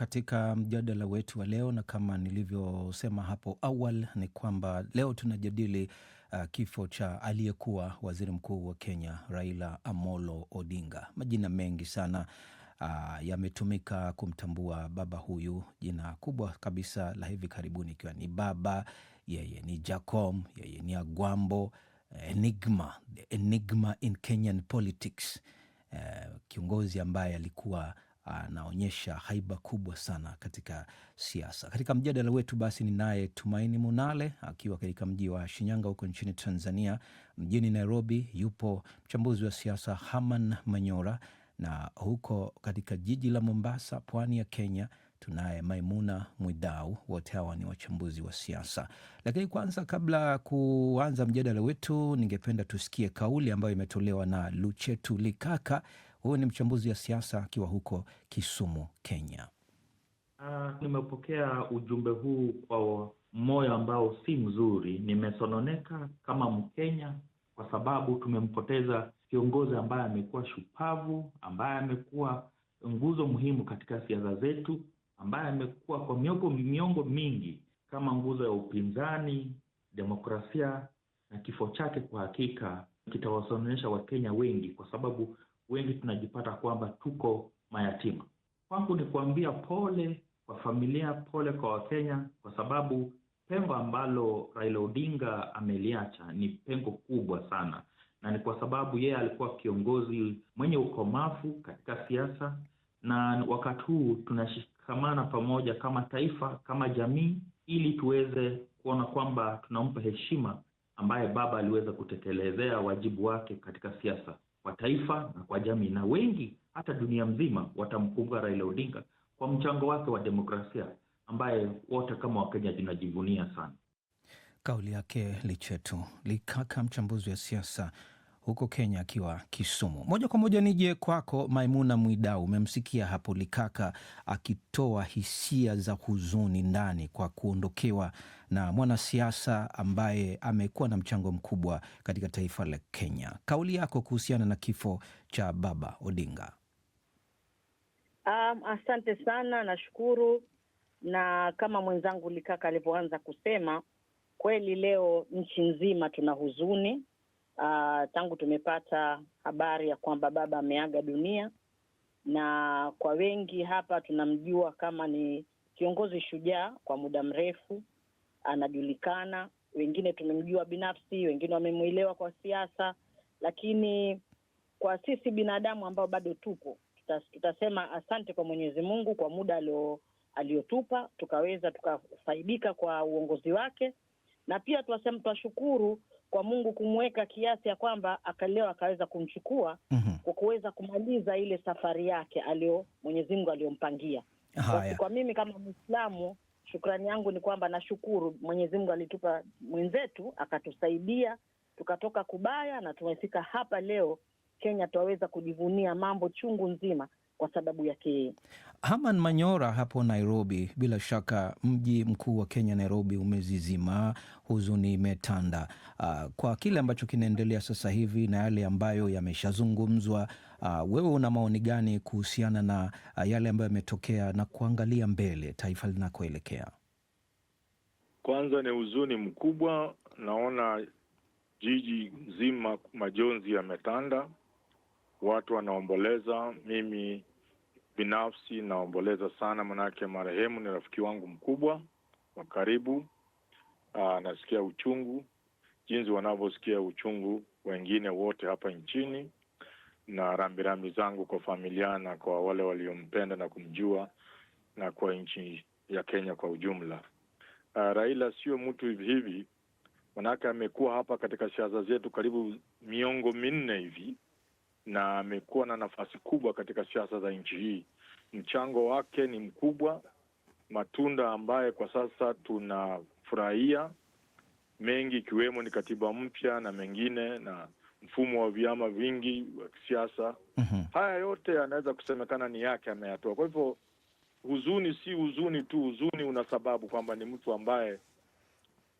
katika mjadala wetu wa leo, na kama nilivyosema hapo awali ni kwamba leo tunajadili uh, kifo cha aliyekuwa waziri mkuu wa Kenya Raila Amolo Odinga. Majina mengi sana uh, yametumika kumtambua baba huyu, jina kubwa kabisa la hivi karibuni ikiwa ni baba, yeye ni Jacom, yeye ni Agwambo, enigma, the enigma in Kenyan politics. Uh, kiongozi ambaye alikuwa anaonyesha haiba kubwa sana katika siasa. Katika mjadala wetu basi ni naye Tumaini Munale akiwa katika mji wa Shinyanga huko nchini Tanzania. Mjini Nairobi yupo mchambuzi wa siasa Haman Manyora, na huko katika jiji la Mombasa, pwani ya Kenya, tunaye Maimuna Mwidau. Wote hawa ni wachambuzi wa siasa. Lakini kwanza, kabla ya kuanza mjadala wetu, ningependa tusikie kauli ambayo imetolewa na Luchetu Likaka Huyu ni mchambuzi wa siasa akiwa huko Kisumu, Kenya. Uh, nimepokea ujumbe huu kwa moyo ambao si mzuri. Nimesononeka kama Mkenya kwa sababu tumempoteza kiongozi ambaye amekuwa shupavu, ambaye amekuwa nguzo muhimu katika siasa zetu, ambaye amekuwa kwa miongo miongo mingi kama nguzo ya upinzani, demokrasia, na kifo chake kwa hakika kitawasononesha Wakenya wengi kwa sababu wengi tunajipata kwamba tuko mayatima. Kwangu ni kuambia pole kwa familia, pole kwa Wakenya, kwa sababu pengo ambalo Raila Odinga ameliacha ni pengo kubwa sana, na ni kwa sababu yeye alikuwa kiongozi mwenye ukomafu katika siasa, na wakati huu tunashikamana pamoja kama taifa, kama jamii, ili tuweze kuona kwamba tunampa heshima ambaye baba aliweza kutekelezea wajibu wake katika siasa kwa taifa na kwa jamii, na wengi hata dunia mzima watamkumbuka Raila Odinga kwa mchango wake wa demokrasia ambaye wote kama Wakenya tunajivunia sana. Kauli yake Lichetu Likaka, mchambuzi wa siasa huko Kenya akiwa Kisumu. Moja kwa moja nije kwako Maimuna Mwidau, umemsikia hapo Likaka akitoa hisia za huzuni ndani kwa kuondokewa na mwanasiasa ambaye amekuwa na mchango mkubwa katika taifa la Kenya. Kauli yako kuhusiana na kifo cha Baba Odinga? Um, asante sana, nashukuru. Na kama mwenzangu Likaka alivyoanza kusema, kweli leo nchi nzima tuna huzuni uh, tangu tumepata habari ya kwamba baba ameaga dunia, na kwa wengi hapa tunamjua kama ni kiongozi shujaa kwa muda mrefu, anajulikana. Wengine tumemjua binafsi, wengine wamemwelewa kwa siasa, lakini kwa sisi binadamu ambao bado tupo tutasema asante kwa Mwenyezi Mungu kwa muda aliyotupa tukaweza tukafaidika kwa uongozi wake, na pia twasema twashukuru kwa Mungu kumweka kiasi ya kwamba akaleo akaweza kumchukua mm -hmm. kwa kuweza kumaliza ile safari yake alio Mwenyezi Mungu aliyompangia. kwa mimi kama Mwislamu, shukrani yangu ni kwamba nashukuru Mwenyezi Mungu alitupa mwenzetu akatusaidia tukatoka kubaya na tumefika hapa leo Kenya, twaweza kujivunia mambo chungu nzima kwa sababu yake yeye haman Manyora hapo Nairobi, bila shaka mji mkuu wa Kenya Nairobi umezizima, huzuni imetanda uh, kwa kile ambacho kinaendelea sasa hivi na yale ambayo yameshazungumzwa. Uh, wewe una maoni gani kuhusiana na uh, yale ambayo yametokea na kuangalia mbele taifa linakoelekea? Kwanza ni huzuni mkubwa, naona jiji nzima majonzi yametanda, watu wanaomboleza. Mimi binafsi naomboleza sana, manake marehemu ni rafiki wangu mkubwa wa karibu. anasikia ah, uchungu jinsi wanavyosikia uchungu wengine wote hapa nchini, na rambirambi zangu kwa familia na kwa wale waliompenda na kumjua na kwa nchi ya Kenya kwa ujumla. Uh, Raila sio mtu hivi hivi, manake amekuwa hapa katika siasa zetu karibu miongo minne hivi na amekuwa na nafasi kubwa katika siasa za nchi hii. Mchango wake ni mkubwa, matunda ambaye kwa sasa tunafurahia mengi, ikiwemo ni katiba mpya na mengine na mfumo wa vyama vingi wa kisiasa. mm -hmm. Haya yote yanaweza kusemekana ni yake, ameyatoa. Kwa hivyo huzuni si huzuni tu, huzuni una sababu kwamba ni mtu ambaye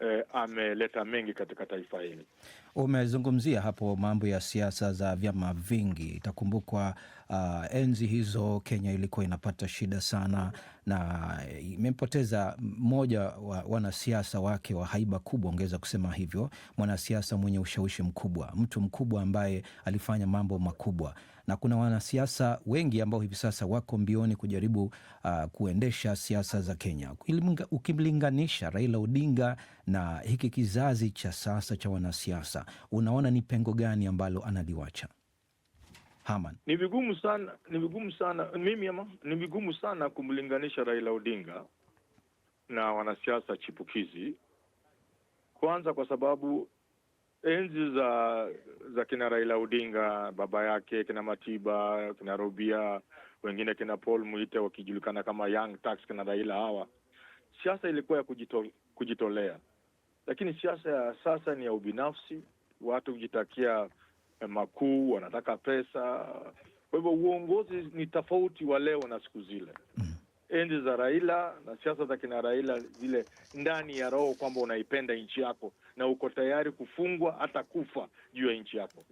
eh, ameleta mengi katika taifa hili. Umezungumzia hapo mambo ya siasa za vyama vingi. Itakumbukwa uh, enzi hizo Kenya ilikuwa inapata shida sana na imempoteza mmoja wa wanasiasa wake wa haiba kubwa, ungeweza kusema hivyo, mwanasiasa mwenye ushawishi mkubwa, mtu mkubwa ambaye alifanya mambo makubwa na kuna wanasiasa wengi ambao hivi sasa wako mbioni kujaribu uh, kuendesha siasa za Kenya. Ukimlinganisha Raila Odinga na hiki kizazi cha sasa cha wanasiasa, unaona ni pengo gani ambalo analiwacha? Haman. Ni vigumu sana, ni vigumu sana mimi ama, ni vigumu sana kumlinganisha Raila Odinga na wanasiasa chipukizi, kwanza kwa sababu enzi za za kina Raila Odinga, baba yake, kina Matiba, kina Robia, wengine kina Paul Muite wakijulikana kama Young Tax, kina Raila, hawa siasa ilikuwa ya kujito, kujitolea, lakini siasa ya sasa ni ya ubinafsi, watu kujitakia eh, makuu, wanataka pesa. Kwa hivyo uongozi ni tofauti wa leo na siku zile mm-hmm. enzi za Raila na siasa za kina Raila, zile ndani ya roho kwamba unaipenda nchi yako na uko tayari kufungwa hata kufa juu ya nchi yako.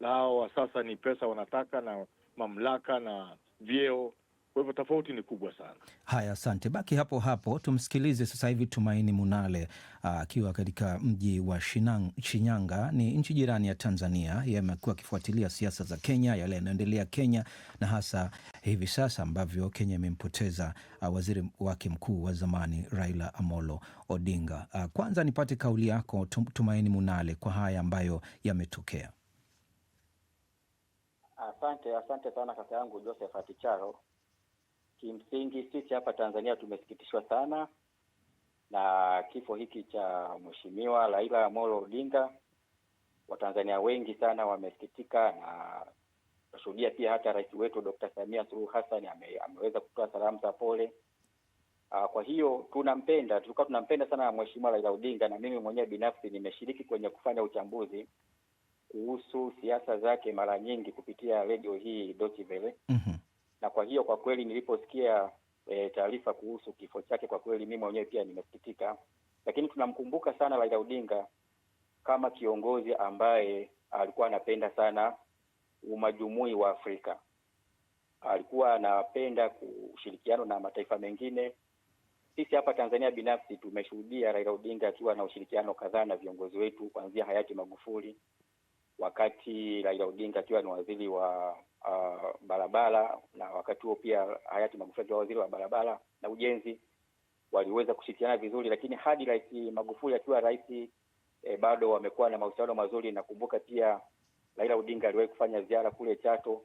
La, hawa sasa ni pesa wanataka na mamlaka na vyeo kwa hivyo tofauti ni kubwa sana. Haya, asante, baki hapo hapo. Tumsikilize sasa hivi Tumaini Munale ah, akiwa katika mji wa Shinang, Shinyanga ni nchi jirani ya Tanzania. Yeye amekuwa akifuatilia siasa za Kenya, yale yanaendelea Kenya na hasa hivi sasa ambavyo Kenya imempoteza ah, waziri wake mkuu wa zamani Raila Amolo Odinga. A, ah, kwanza nipate kauli yako Tumaini Munale kwa haya ambayo yametokea. Asante, asante sana kaka yangu Josephat Charo. Kimsingi sisi hapa Tanzania tumesikitishwa sana na kifo hiki cha Mheshimiwa Raila Amolo Odinga. Watanzania wengi sana wamesikitika na tunashuhudia pia hata rais wetu Dr. Samia Suluhu Hassan ame, ameweza kutoa salamu za pole. Ah, kwa hiyo tunampenda, tulikuwa tunampenda sana Mheshimiwa Raila Odinga, na mimi mwenyewe binafsi nimeshiriki kwenye kufanya uchambuzi kuhusu siasa zake mara nyingi kupitia redio hii Deutsche Welle. mm -hmm na kwa hiyo kwa kweli niliposikia e, taarifa kuhusu kifo chake, kwa kweli mimi mwenyewe pia nimesikitika, lakini tunamkumbuka sana Raila Odinga kama kiongozi ambaye alikuwa anapenda sana umajumui wa Afrika, alikuwa anapenda ushirikiano na mataifa mengine. Sisi hapa Tanzania binafsi tumeshuhudia Raila Odinga akiwa na ushirikiano kadhaa na viongozi wetu kuanzia hayati Magufuli, wakati Raila Odinga akiwa ni waziri wa uh, barabara na wakati huo pia hayati Magufuli wa waziri wa barabara na ujenzi waliweza kushirikiana vizuri, lakini hadi Rais Magufuli akiwa rais e, bado wamekuwa na mahusiano mazuri. Nakumbuka pia Raila Odinga aliwahi kufanya ziara kule Chato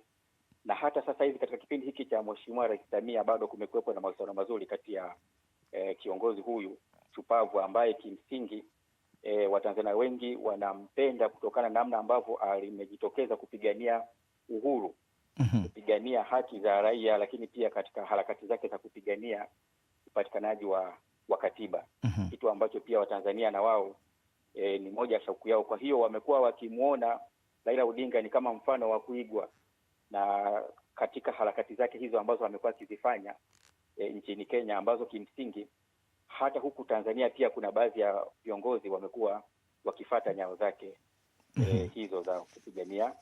na hata sasa hivi katika kipindi hiki cha Mheshimiwa Rais Samia bado kumekuwepo na mahusiano mazuri kati ya e, kiongozi huyu shupavu ambaye kimsingi e, Watanzania wengi wanampenda kutokana na namna ambavyo alimejitokeza kupigania uhuru mhm. kupigania mm -hmm. haki za raia, lakini pia katika harakati zake za kupigania upatikanaji wa, wa katiba mm -hmm. kitu ambacho pia Watanzania na wao e, ni moja ya shauku yao. Kwa hiyo wamekuwa wakimwona Raila Odinga ni kama mfano wa kuigwa na katika harakati zake hizo ambazo amekuwa akizifanya e, nchini Kenya ambazo kimsingi hata huku Tanzania pia kuna baadhi ya viongozi wamekuwa wakifata nyao zake e, mhm. hizo za kupigania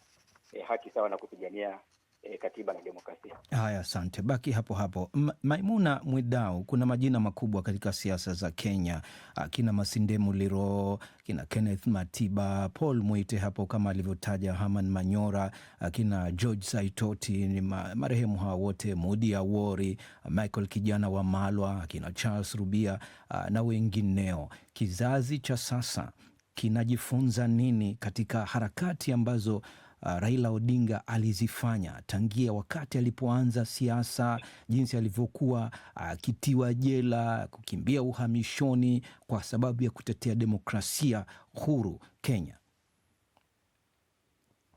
e, haki sawa na kupigania e, katiba na demokrasia. Haya, asante, baki hapo hapo. M Maimuna Mwidau, kuna majina makubwa katika siasa za Kenya, akina ah, Masinde Muliro, akina Kenneth Matiba, Paul Mwite hapo kama alivyotaja Herman Manyora, akina ah, George Saitoti, ni ma marehemu hawa wote, Mudi Awori, Michael kijana wa Malwa, akina Charles Rubia ah, na wengineo. Kizazi cha sasa kinajifunza nini katika harakati ambazo Uh, Raila Odinga alizifanya tangia wakati alipoanza siasa, jinsi alivyokuwa uh, akitiwa uh, jela, kukimbia uhamishoni kwa sababu ya kutetea demokrasia huru Kenya.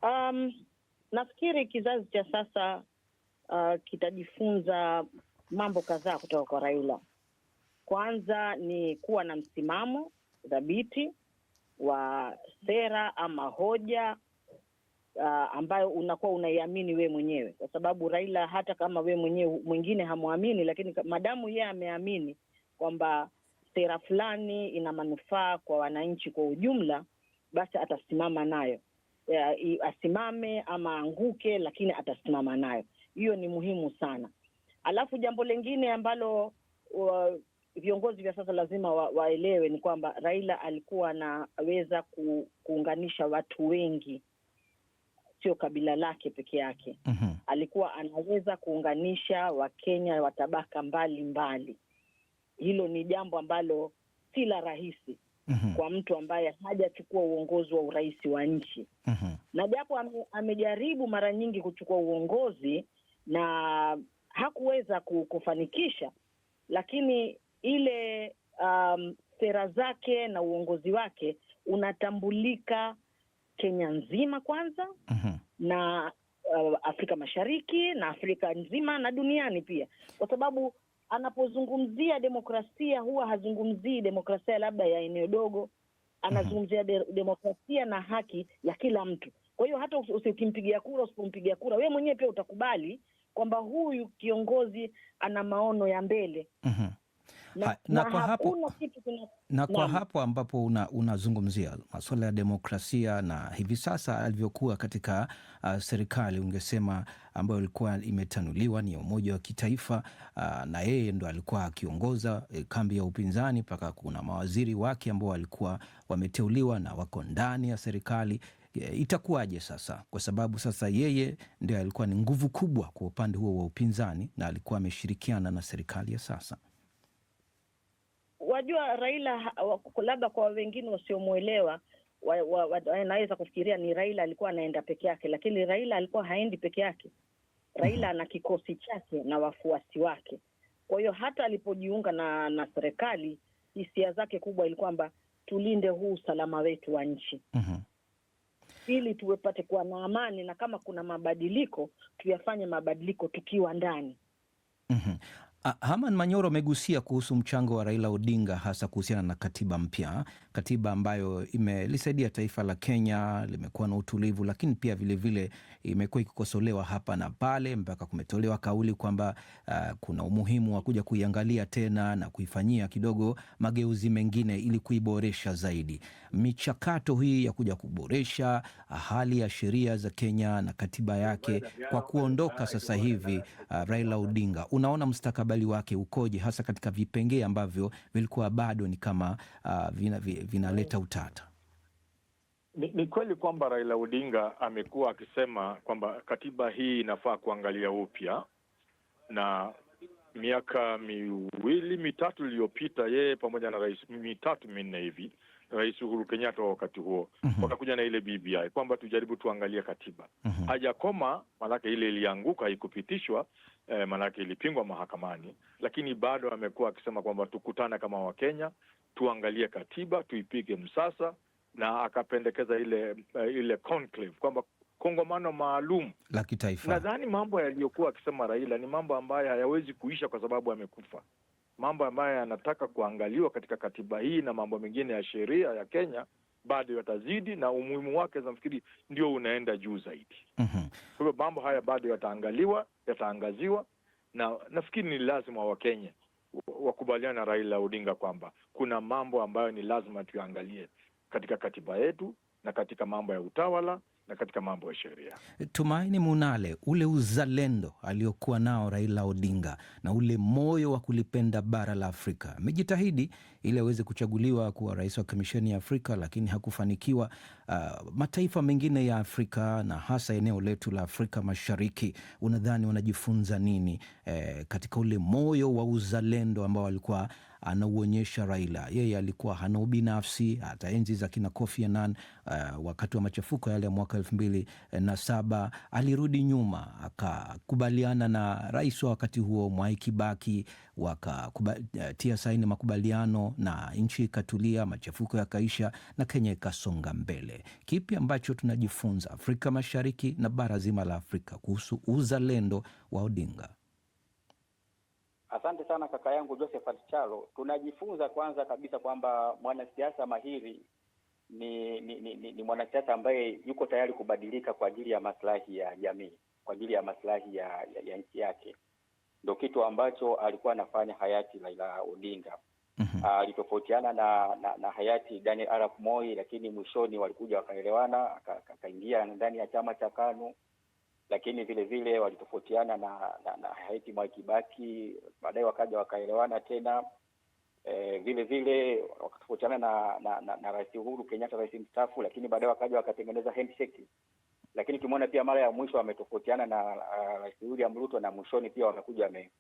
Um, nafikiri kizazi cha sasa uh, kitajifunza mambo kadhaa kutoka kwa Raila. Kwanza ni kuwa na msimamo thabiti wa sera ama hoja uh, ambayo unakuwa unaiamini we mwenyewe, kwa sababu Raila hata kama we mwenyewe mwingine hamwamini, lakini madamu yeye ameamini kwamba sera fulani ina manufaa kwa wananchi kwa ujumla, basi atasimama nayo uh, asimame ama anguke, lakini atasimama nayo. Hiyo ni muhimu sana. Alafu jambo lengine ambalo uh, viongozi vya sasa lazima wa, waelewe ni kwamba Raila alikuwa anaweza ku, kuunganisha watu wengi sio kabila lake peke yake. mm -hmm. Alikuwa anaweza kuunganisha Wakenya wa tabaka mbalimbali. Hilo ni jambo ambalo si la rahisi mm -hmm. kwa mtu ambaye hajachukua uongozi wa urahisi wa nchi mm -hmm. na japo ame, amejaribu mara nyingi kuchukua uongozi na hakuweza kufanikisha, lakini ile um, sera zake na uongozi wake unatambulika Kenya nzima kwanza uh-huh. na uh, Afrika Mashariki na Afrika nzima na duniani pia, kwa sababu anapozungumzia demokrasia huwa hazungumzii demokrasia labda ya eneo dogo, anazungumzia de demokrasia na haki ya kila mtu. Kwa hiyo hata ukimpigia kura, usipompigia kura, wee mwenyewe pia utakubali kwamba huyu kiongozi ana maono ya mbele uh-huh na, na, na kwa hapo, na kwa hapo ambapo unazungumzia una masuala ya demokrasia na hivi sasa alivyokuwa katika uh, serikali ungesema ambayo ilikuwa imetanuliwa ni umoja wa kitaifa uh, na yeye ndo alikuwa akiongoza eh, kambi ya upinzani mpaka kuna mawaziri wake ambao walikuwa wameteuliwa na wako ndani ya serikali. E, itakuwaje sasa? Kwa sababu sasa yeye ndio alikuwa ni nguvu kubwa kwa upande huo wa upinzani na alikuwa ameshirikiana na serikali ya sasa wajua Raila labda kwa wengine wasiomwelewa wanaweza kufikiria ni Raila alikuwa anaenda peke yake, lakini Raila alikuwa haendi peke yake. Raila mm-hmm. ana kikosi chake na wafuasi wake. Kwa hiyo hata alipojiunga na na serikali, hisia zake kubwa ili kwamba tulinde huu usalama wetu wa nchi mm-hmm. ili tuwepate kuwa na amani, na kama kuna mabadiliko tuyafanye mabadiliko tukiwa ndani mm-hmm. Haman Manyoro amegusia kuhusu mchango wa Raila Odinga hasa kuhusiana na katiba mpya, katiba ambayo imelisaidia taifa la Kenya limekuwa na utulivu, lakini pia vilevile imekuwa ikikosolewa hapa na pale, mpaka kumetolewa kauli kwamba uh, kuna umuhimu wa kuja kuiangalia tena na kuifanyia kidogo mageuzi mengine ili kuiboresha zaidi. Michakato hii ya kuja kuboresha hali ya sheria za Kenya na katiba yake kwa kuondoka sasa hivi uh, Raila Odinga, unaona mstakabali mustakabali wake ukoje, hasa katika vipengee ambavyo vilikuwa bado ni kama uh, vinaleta vina, vina utata. Ni, ni kweli kwamba Raila Odinga amekuwa akisema kwamba katiba hii inafaa kuangalia upya, na miaka miwili mitatu iliyopita yeye pamoja na rais mitatu minne hivi Rais Uhuru Kenyatta wa wakati huo mm -hmm. wakakuja na ile BBI kwamba tujaribu tuangalie katiba mm -hmm. hajakoma, maanake ile ilianguka haikupitishwa, eh, maanake ilipingwa mahakamani, lakini bado amekuwa akisema kwamba tukutane kama Wakenya tuangalie katiba tuipige msasa, na akapendekeza ile uh, ile conclave kwamba kongamano maalum la kitaifa. Nadhani mambo yaliyokuwa akisema Raila ni mambo ambayo hayawezi kuisha kwa sababu amekufa mambo ambayo yanataka kuangaliwa katika katiba hii na mambo mengine ya sheria ya Kenya bado yatazidi na umuhimu wake nafikiri ndio unaenda juu zaidi. Mhm. Kwa hivyo mm mambo haya bado yataangaliwa, yataangaziwa na nafikiri ni lazima Wakenya wakubaliana na Raila Odinga kwamba kuna mambo ambayo ni lazima tuyaangalie katika katiba yetu na katika mambo ya utawala na katika mambo ya sheria. Tumaini Munale, ule uzalendo aliokuwa nao Raila Odinga na ule moyo wa kulipenda bara la Afrika, amejitahidi ili aweze kuchaguliwa kuwa rais wa Kamisheni ya Afrika, lakini hakufanikiwa. Uh, mataifa mengine ya Afrika na hasa eneo letu la Afrika Mashariki, unadhani wanajifunza nini eh, katika ule moyo wa uzalendo ambao alikuwa anauonyesha Raila. Yeye alikuwa hana ubinafsi, hata enzi za kina Kofi Annan, uh, wakati wa machafuko yale ya mwaka elfu mbili na saba alirudi nyuma akakubaliana na rais wa wakati huo Mwai Kibaki, wakatia uh, saini makubaliano na nchi ikatulia, machafuko yakaisha na Kenya ikasonga mbele. Kipi ambacho tunajifunza Afrika Mashariki na bara zima la Afrika kuhusu uzalendo wa Odinga? Asante sana kaka yangu Josephat Chalo. Tunajifunza kwanza kabisa kwamba mwanasiasa mahiri ni ni, ni, ni, ni mwanasiasa ambaye yuko tayari kubadilika kwa ajili ya maslahi ya jamii, kwa ajili ya maslahi ya, ya, ya nchi yake. ndo kitu ambacho alikuwa anafanya hayati Raila Odinga. Mhm. Ah, alitofautiana mm -hmm. na, na, na hayati Daniel Arap Moi, lakini mwishoni walikuja wakaelewana, akaingia ndani ya chama cha KANU lakini vile vile walitofautiana na, na, na Hayati Mwai Kibaki, baadaye wakaja wakaelewana tena. E, vile vile wakatofautiana na, na, na, na Rais Uhuru Kenyatta, rais mstaafu, lakini baadaye wakaja wakatengeneza handshake. Lakini tumeona pia mara ya mwisho wametofautiana na uh, Rais William Ruto na mwishoni pia wamekuja wame,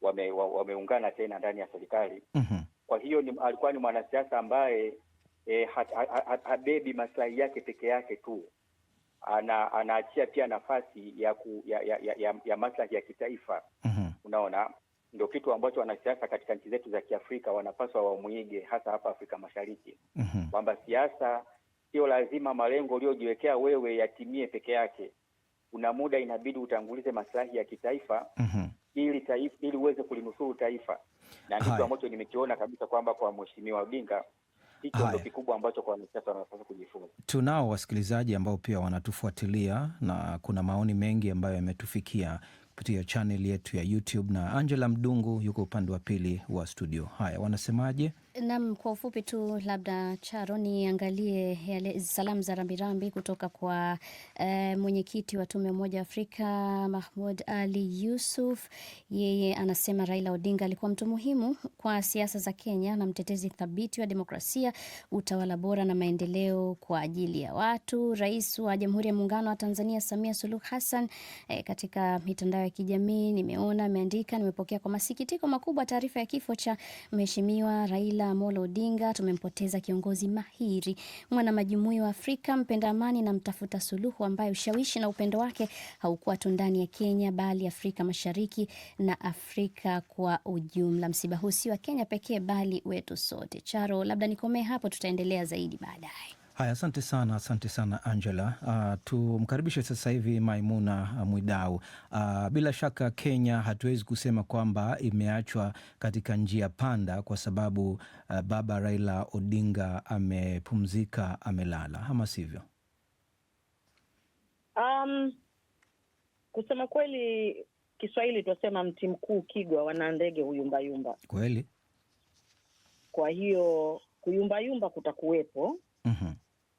wame, wameungana tena ndani ya serikali mm -hmm. Kwa hiyo ni, alikuwa ni mwanasiasa ambaye e, habebi maslahi yake peke yake tu ana, anaachia pia nafasi ya, ku, ya, ya, ya, ya, ya maslahi ya kitaifa mm-hmm. Unaona, ndio kitu ambacho wanasiasa katika nchi zetu za Kiafrika wanapaswa wamwige, hasa hapa Afrika Mashariki mm-hmm. kwamba siasa sio lazima malengo uliyojiwekea wewe yatimie peke yake. Kuna muda inabidi utangulize maslahi ya kitaifa mm-hmm. ili taifa, ili uweze kulinusuru taifa, na ndicho ambacho nimekiona kabisa kwamba kwa mheshimiwa Odinga hicho ndio kikubwa ambacho kwa wanasiasa wanapaswa kujifunza. Tunao wasikilizaji ambao pia wanatufuatilia na kuna maoni mengi ambayo yametufikia kupitia chaneli yetu ya YouTube na Angela Mdungu yuko upande wa pili wa studio. Haya, wanasemaje? Nam, kwa ufupi tu labda Charo, niangalie yale salamu za rambirambi kutoka kwa e, mwenyekiti wa tume Umoja Afrika Mahmud Ali Yusuf. Yeye anasema Raila Odinga alikuwa mtu muhimu kwa siasa za Kenya na mtetezi thabiti wa demokrasia, utawala bora na maendeleo kwa ajili ya watu. Rais wa Jamhuri ya Muungano wa Tanzania Samia Suluhu Hassan, e, katika mitandao ya kijamii nimeona ameandika, nimepokea kwa masikitiko makubwa taarifa ya kifo cha mheshimiwa Raila Raila Amolo Odinga, tumempoteza kiongozi mahiri, mwana majumuiya wa Afrika, mpenda amani na mtafuta suluhu, ambaye ushawishi na upendo wake haukuwa tu ndani ya Kenya bali Afrika Mashariki na Afrika kwa ujumla. Msiba huu si wa Kenya pekee bali wetu sote. Charo, labda nikomee hapo, tutaendelea zaidi baadaye. Haya, asante sana, asante sana Angela. Uh, tumkaribishe sasa hivi Maimuna Mwidau. Uh, bila shaka Kenya hatuwezi kusema kwamba imeachwa katika njia panda kwa sababu uh, baba Raila Odinga amepumzika, amelala, ama sivyo? Um, kusema kweli, Kiswahili tunasema mti mkuu kigwa, wana ndege huyumbayumba kweli. Kwa hiyo kuyumbayumba kutakuwepo. mm -hmm.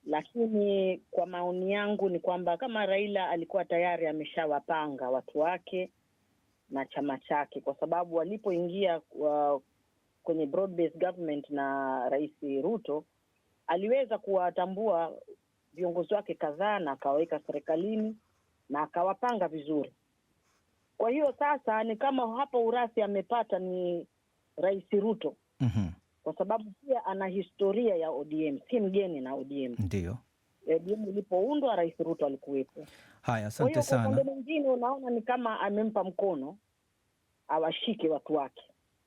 Lakini kwa maoni yangu ni kwamba kama Raila alikuwa tayari ameshawapanga watu wake na chama chake, kwa sababu walipoingia uh, kwenye broad based government na Rais Ruto aliweza kuwatambua viongozi wake kadhaa na akawaweka serikalini na akawapanga vizuri. Kwa hiyo sasa ni kama hapo urasi amepata ni Rais Ruto. mm -hmm kwa sababu pia ana historia ya ODM, si mgeni na ODM. Ndio ODM ilipoundwa Rais Ruto alikuwepo. Haya, asante sana. mwingine, unaona ni kama amempa mkono awashike watu wake.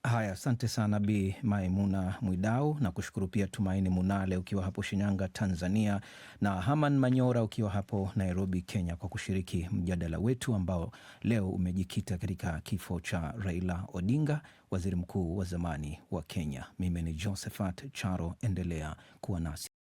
Haya, asante sana Bi Maimuna Mwidau na kushukuru pia Tumaini Munale ukiwa hapo Shinyanga, Tanzania, na Haman Manyora ukiwa hapo Nairobi, Kenya, kwa kushiriki mjadala wetu ambao leo umejikita katika kifo cha Raila Odinga, waziri mkuu wa zamani wa Kenya. Mimi ni Josephat Charo, endelea kuwa nasi.